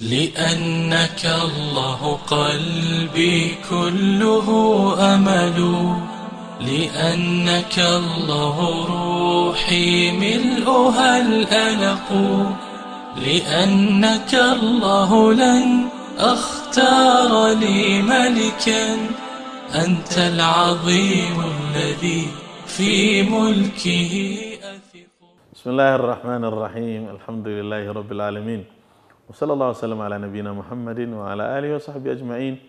لأنك الله قلبي كله أمل لأنك الله روحي ملؤها الألق لأنك الله لن أختار لي ملكا أنت العظيم الذي في ملكه أثق بسم الله الرحمن الرحيم الحمد لله رب العالمين وصلى الله وسلم على نبينا محمد وعلى آله وصحبه أجمعين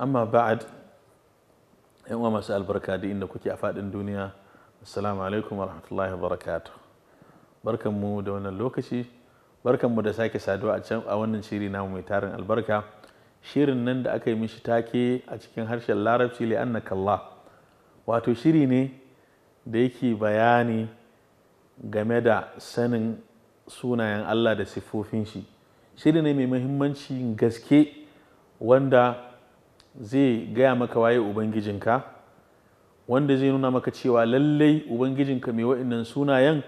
أما بعد يوم ما سأل بركة دي إنك كي أفاد الدنيا السلام عليكم ورحمة الله وبركاته بركة مو دون اللوكشي بركة مو دساكي سادوا أولا شيري نامو ميتارن البركة shirin nan da aka yi mishi take a cikin harshen larabci li'anna kallah wato shiri ne da yake bayani game da sanin sunayen Allah da siffofin shi shiri ne mai mahimmancin gaske wanda zai gaya maka waye ubangijinka wanda zai nuna maka cewa lallai ubangijinka mai wa'innan sunayen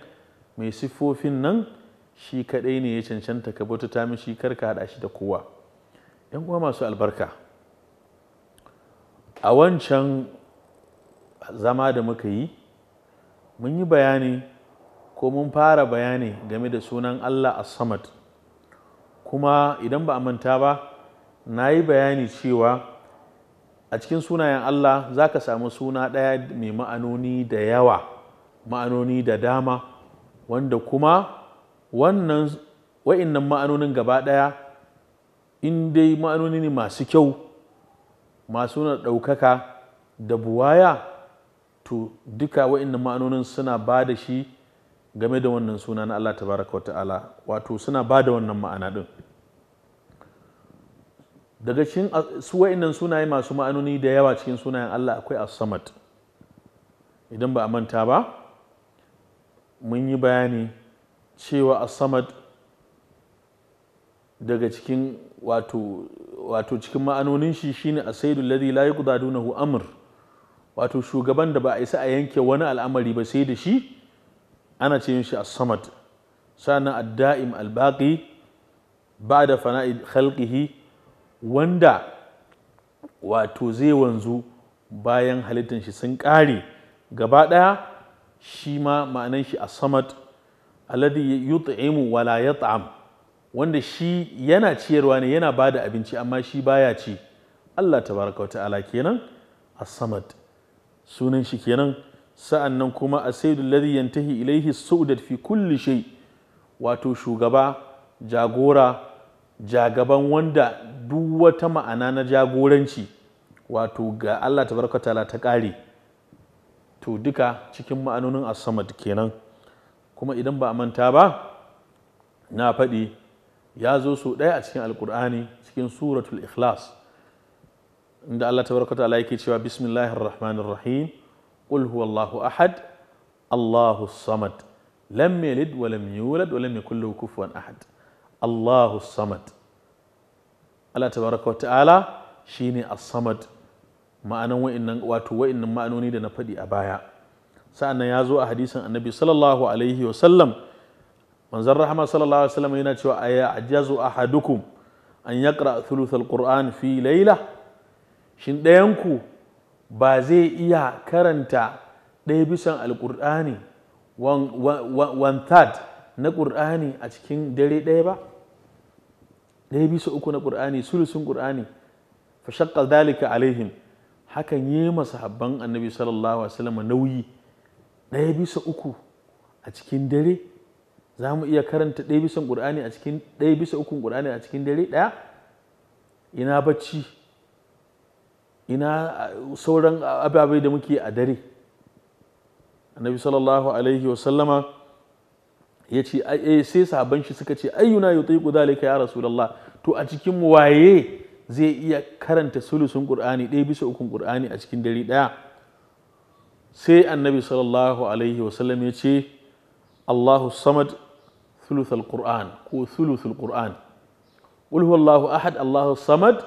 mai siffofin nan shi kadai ne ya cancanta ka bautata mishi kar ka haɗa shi da kowa yan uwa masu albarka a wancan zama da muka yi mun yi bayani ko mun fara bayani game da sunan allah as-samad kuma idan ba a manta ba na yi bayani cewa a cikin sunayen Allah za ka samu suna ɗaya mai ma'anoni da yawa ma'anoni da dama wanda kuma wannan wa'innan ma'anonin gaba ɗaya in dai ma'anoni ne masu kyau masu na ɗaukaka da buwaya to duka wa'innan ma'anonin suna ba da shi game da wannan suna na Allah tabaraka wa ta'ala wato suna ba da wannan ma'ana ɗin daga cikin su wa'innan sunaye masu ma'anoni da yawa cikin sunayen Allah akwai as-samad idan ba a manta ba mun yi bayani cewa as-samad daga cikin wato wato cikin ma'anonin shi shine as-sayyidu ladhi la yuqdadunahu amr wato shugaban da ba a isa a yanke wani al'amari ba sai da shi ana ce shi as-samad sannan adda'im daim al-baqi ba'da fana'i khalqihi wanda wato zai wanzu bayan halittar shi sun ƙare gaba ɗaya shi ma ma'anan shi as-samad alladhi yut'imu wa la yat'am wanda shi yana ciyarwa ne yana bada abinci amma shi baya ci Allah tabaraka wa ta'ala kenan as-samad sunan shi kenan sa'an nan kuma a saidu ta yantahi ilaihi su'udat fi kulli shai. wato shugaba jagora jagaban wanda duk wata ma'ana na jagoranci wato ga Allah tabaraka ta'ala ta ƙare to duka cikin ma'anonin asamad kenan kuma idan ba a manta ba na faɗi ya zo sau ɗaya a cikin alkur'ani cikin suratul ikhlas inda Allah tabaraka ta'ala yake cewa bismillahir rahmanir rahim قل هو الله أحد الله الصمد لم يلد ولم يولد ولم يكن له كفوا أحد الله الصمد الله تبارك وتعالى شيني الصمد ma'ana wa'innan wato wa'innan ma'anoni da na faɗi a baya sa'an nan ya zo a hadisin annabi sallallahu alaihi wa sallam manzon rahama sallallahu alaihi wa sallam yana cewa aya ajazu ahadukum an yaqra thuluthal qur'an fi layla shin ku. ba zai iya karanta ɗaya bisan alƙur'ani one third na ƙur'ani a cikin dare ɗaya ba ɗaya bisa uku na ƙur'ani sulusun ƙur'ani fa shakkal dalika alaihim hakan yi masa habban annabi sallallahu alaihi wasallam nauyi ɗaya bisa uku a cikin dare za mu iya karanta ɗaya bisan ƙur'ani a cikin ɗaya bisa uku ƙur'ani a cikin dare ɗaya ina bacci ina sauran ababai da muke a dare annabi sallallahu alaihi wasallama ya ce eh, sai sahaban shi suka ce ayyuna yutiqu zalika ya rasulallah? to a cikin waye zai iya karanta sulusun Kur'ani ɗaya bisa ukun Kur'ani a cikin dare ɗaya sai annabi sallallahu alaihi wasallam ya ce allahu samad thuluthul qur'an ko thuluthul qur'an qul huwallahu ahad allahu samad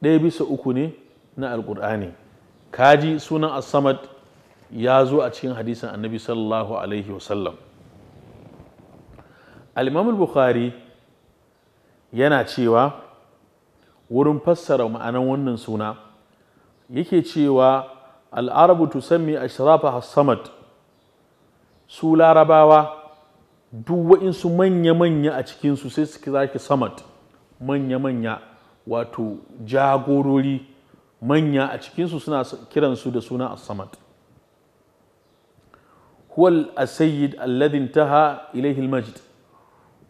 ɗaya bisa uku ne na alkur'ani kaji sunan asamad ya zo a cikin hadisin annabi sallallahu alaihi wasallam al-imam bukhari yana cewa wurin fassara ma'anan wannan suna yake cewa al'arabu tusammi ashrafa as su larabawa duk wa'insu manya-manya a cikinsu sai suke zaki samad manya-manya wato jagorori manya a cikinsu suna kiransu da suna a samad huwal asayid alladin taha ilaihi al Majid.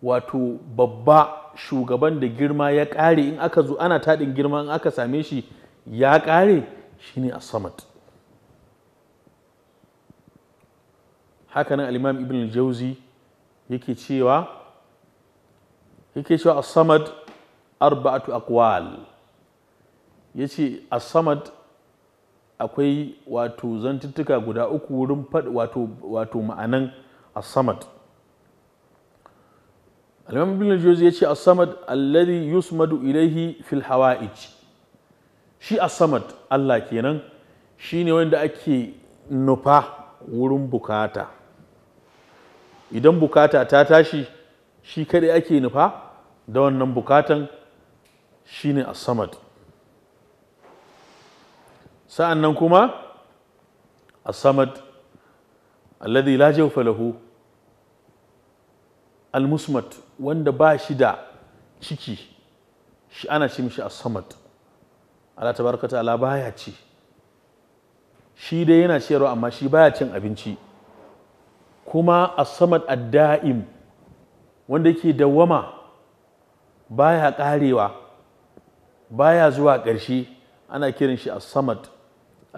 wato babba shugaban da girma ya kare in aka zo ana taɗin girma in aka same shi ya kare ne a samad haka nan ibn jauzi yake cewa yake cewa as-samad arba'atu aqwal ya ce a samad akwai wato zantuttuka guda uku wurin wato, wato ma'anan a samad alamun bilin ya ce a yace samad alladi yusmadu ilaihi fil hawa'ij shi a samad Allah kenan shine wanda ake nufa wurin bukata idan bukata ta tashi shi kadai ake nufa da wannan bukatan shine a samad sa'an nan kuma a samad alladhi la jawfa lahu al-musmat wanda ba shi da ciki shi ana ce mishi as-samad Allah tabaraka ta'ala baya ci shi dai yana ciyarwa amma shi baya cin abinci kuma as-samad ad-da'im wanda yake dawwama baya karewa baya zuwa ƙarshe ana kiran shi as-samad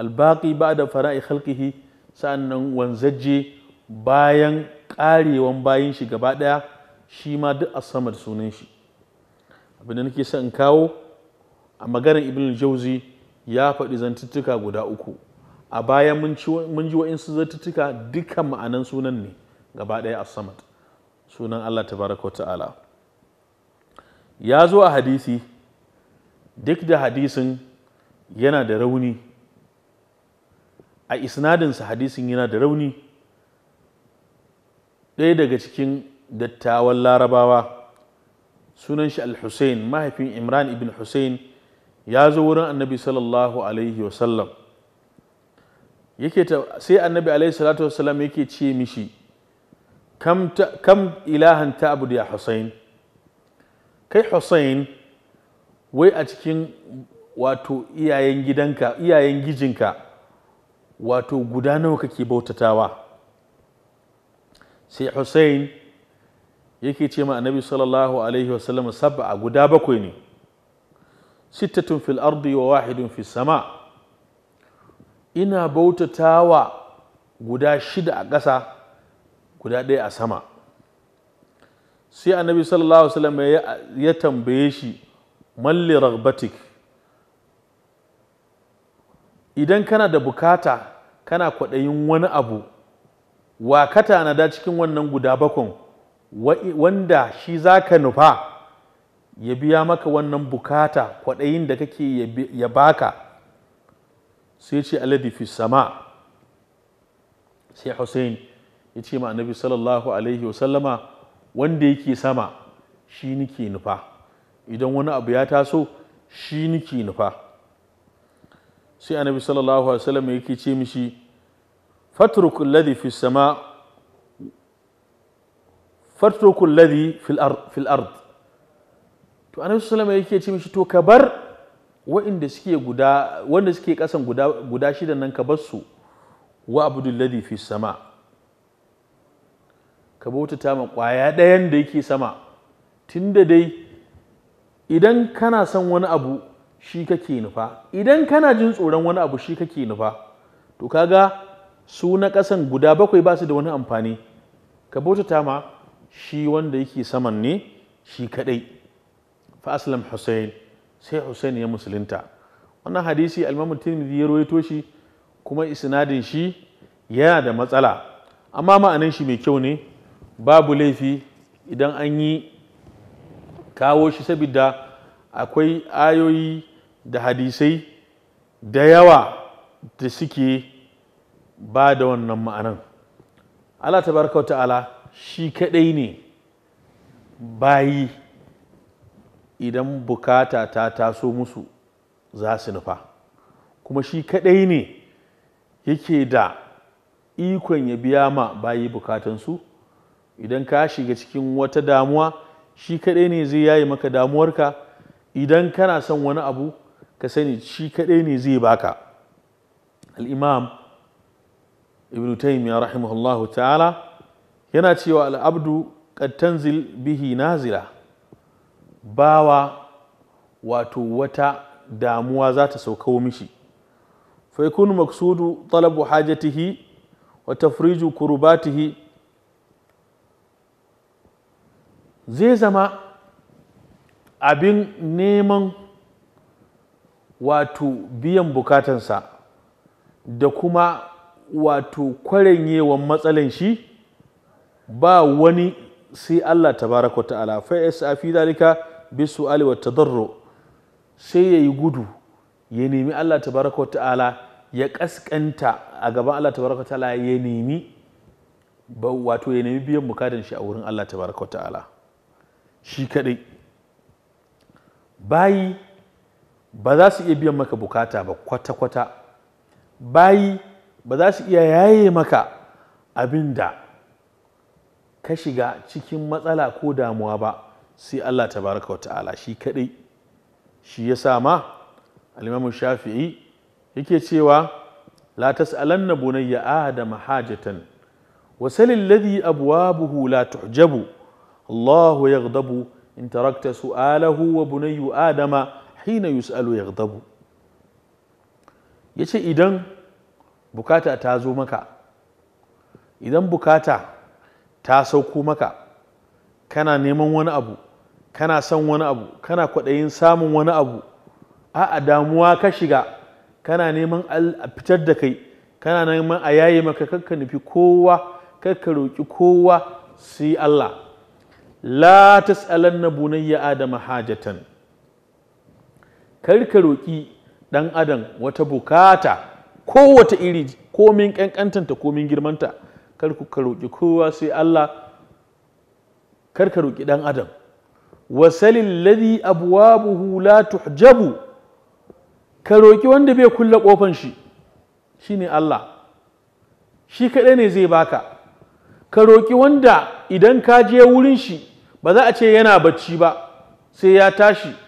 ba ba'da fara'i halkihi sa'annan wanzajje bayan karewan bayan shi gaba daya shi ma duk a sama sunan shi abin da nake sa in kawo a maganar ibn jauzi ya faɗi zantuttuka guda uku a baya mun ji wa'insu zantuttuka duka ma'anan sunan ne gaba ɗaya a samad sunan allah tabaraka ta'ala ya zo a hadisi duk da hadisin yana da rauni a isnadinsa hadisin yana da rauni ɗaya daga cikin dattawan larabawa sunan shi al-hussein mahaifin imran ibn hussein ya zo wurin annabi sallallahu alaihi wasallam sai annabi alaihi salatu wasallam yake ce mishi kam, kam ilahan ta abu ya hussein kai hussein wai a cikin wato iyayen gidanka iyayen gijinka wato guda nawa kake bautatawa sai hussein yake ce ma annabi sallallahu alaihi wasallam sab'a guda bakwai ne sittatun fil ardi wa wahidun fis sama ina bautatawa guda shida a ƙasa guda ɗaya a sama sai annabi sallallahu alaihi wasallam ya tambaye shi malli ragbatik idan kana da bukata kana kwaɗayin wani abu wa ka tanada cikin wannan guda bakon wanda shi za ka nufa ya biya maka wannan bukata kwaɗayin da kake ya baka sai ce alladhi fi sama sai Hussein ya ce ma annabi sallallahu alaihi wasallama wanda yake sama shi nike nufa idan wani abu ya taso shi nike nufa sai annabi sallallahu alaihi wasallam yake ce mishi fatruk alladhi fi sama fatruk alladhi fil ard ard to annabi sallallahu alaihi yake ce mishi to ka bar wa'inda suke guda wanda suke kasan guda guda shidan nan ka bar su wa abdul ladhi fi sama ka bautata ma kwaya ɗayan da yake sama tunda dai idan kana son wani abu shi kake nufa idan kana jin tsoron wani abu shi kake nufa to kaga su na ƙasan guda bakwai ba su da wani amfani ka bautata ma shi wanda yake saman ne shi kadai fa aslam sai hussain ya musulunta wannan hadisi almamu tirmidhi ya rawaito shi kuma isnadin shi yana da matsala amma ma'anan shi mai kyau ne babu laifi idan an yi kawo shi saboda akwai ayoyi da hadisai da yawa da suke ba da wannan ma'anan Allah tabaraka wa ta'ala shi kadai ne bayi idan bukata ta taso musu za su nufa kuma shi kadai ne yake da ikon ya biya ma bayi bukatansu idan ka shiga cikin wata damuwa shi kadai ne zai yayi maka damuwarka idan kana son wani abu ka sani shi kaɗai ne zai baka al'imam ibn taymiyyah rahimahullahu ta'ala yana cewa al'abdu tanzil bihi nazila bawa wato wata damuwa za ta saukawo mishi fa yakunu maksudu talabu hajatihi wa tafriju kurubatihi zai zama abin neman wato biyan bukatansa da kuma wato kwarenyewan matsalan shi ba wani sai Allah tabaraka wa ta'ala fa yasa fi dalika bisu ali wa tadarru sai yayi gudu ya nemi Allah tabaraka wa ta'ala ya kaskanta a gaban Allah tabaraka wa ta'ala ya nemi wato ya nemi biyan bukatan shi a wurin Allah tabaraka wa ta'ala shi kadai bayi ba za su iya biyan maka bukata ba kwata-kwata bayi ba za su iya yaye maka abin da ka shiga cikin matsala ko damuwa ba sai Allah baraka wa ta'ala shi kaɗai shi ya sa ma Alimamin shafi'i yake cewa la tas'alanna bunayya adama hajatan wa ladhi abwabuhu la tuhjabu allahu yaghdabu in tarakta su'alahu wa bunayyu adama hina yus'alu Ya yace idan bukata ta zo maka idan bukata ta sauko maka kana neman wani abu kana son wani abu kana kwaɗayin samun wani abu a damuwa ka shiga kana neman a fitar da kai kana neman a yayi maka kakka nufi kowa kakka roƙi kowa sai Allah la tas'alanna bunayya adama hajjatan. kar ka roƙi ɗan adam wata bukata kowace iri komin ƙanƙantanta komin girmanta kar ka roƙi kowa sai Allah kar roƙi ɗan adam wasalin ladhi buhu la tuhjabu ka roƙi wanda bai kulle ƙofan shi shine Allah shi kaɗai ne zai baka ka roƙi wanda idan ka je wurin shi ba za a ce yana bacci ba sai ya tashi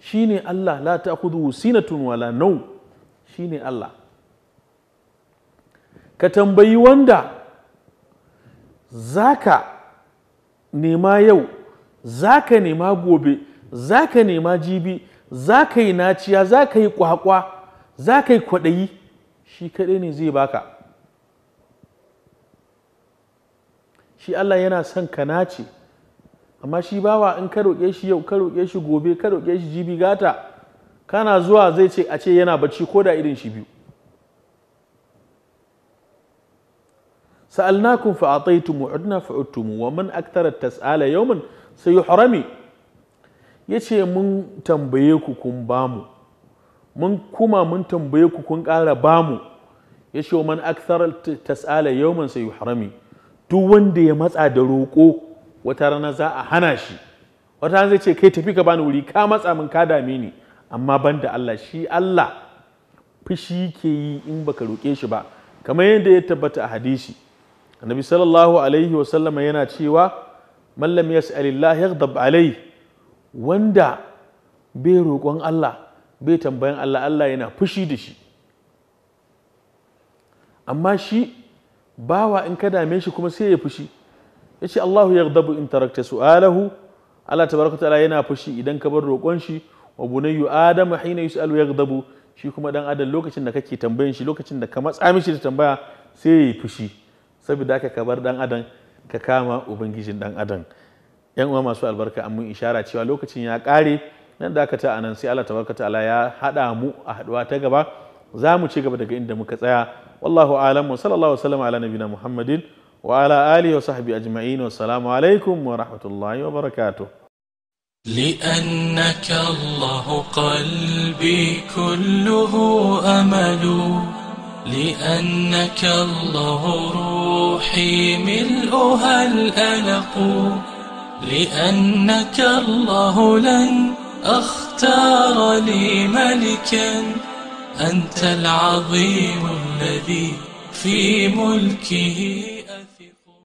Shi ne Allah la kudu sinatun wala nau Shi ne Allah ka tambayi wanda za ka nema yau za ka nema gobe za ka nema jibi za ka yi naciya za ka yi kwakwa za ka yi kwaɗayi shi kaɗai ne zai baka shi Allah yana son ka nace amma shi bawa in ka roƙe shi yau ka roƙe shi gobe ka roƙe shi jibi gata kana zuwa zai ce a ce yana bacci ko da irin shi biyu sa'alnakum fa ataytum wa udna fa udtum wa man aktara tas'ala yawman Ya yace mun tambaye ku kun bamu mun kuma mun tambaye ku kun ƙara bamu yace wa man aktara tas'ala yawman sayuhrami duk wanda ya matsa da roƙo wata rana za a hana shi wata rana zai ce kai tafi ka bani wuri ka matsa min ka dame ni amma ban da Allah shi Allah fushi ke yi in baka roƙe shi ba kamar yadda ya tabbata a hadisi annabi sallallahu alaihi wa sallam yana cewa man lam yas'alillah yaghdab alai wanda bai roƙon Allah bai tambayan Allah Allah yana fushi da shi amma shi bawa in ka dame shi kuma sai ya fushi ya ce Allahu ya gdabu in tarakta su'alahu Allah tabaraka ta'ala yana fushi idan ka bar roƙon shi wa bunayyu adamu hina yus'alu ya gdabu shi kuma dan adam lokacin da kake tambayin shi lokacin da ka matsa mishi da tambaya sai ya fushi saboda haka ka bar dan adam ka kama ubangijin dan adam yan uwa masu albarka an mun ishara cewa lokacin ya kare nan da aka ta anan sai Allah tabaraka ta'ala ya haɗa mu a haɗuwa ta gaba za mu ci gaba daga inda muka tsaya wallahu alam wa sallallahu alaihi wa sallam ala nabina muhammadin وعلى آله وصحبه أجمعين والسلام عليكم ورحمة الله وبركاته لأنك الله قلبي كله أمل لأنك الله روحي ملؤها الألق لأنك الله لن أختار لي ملكا أنت العظيم الذي في ملكه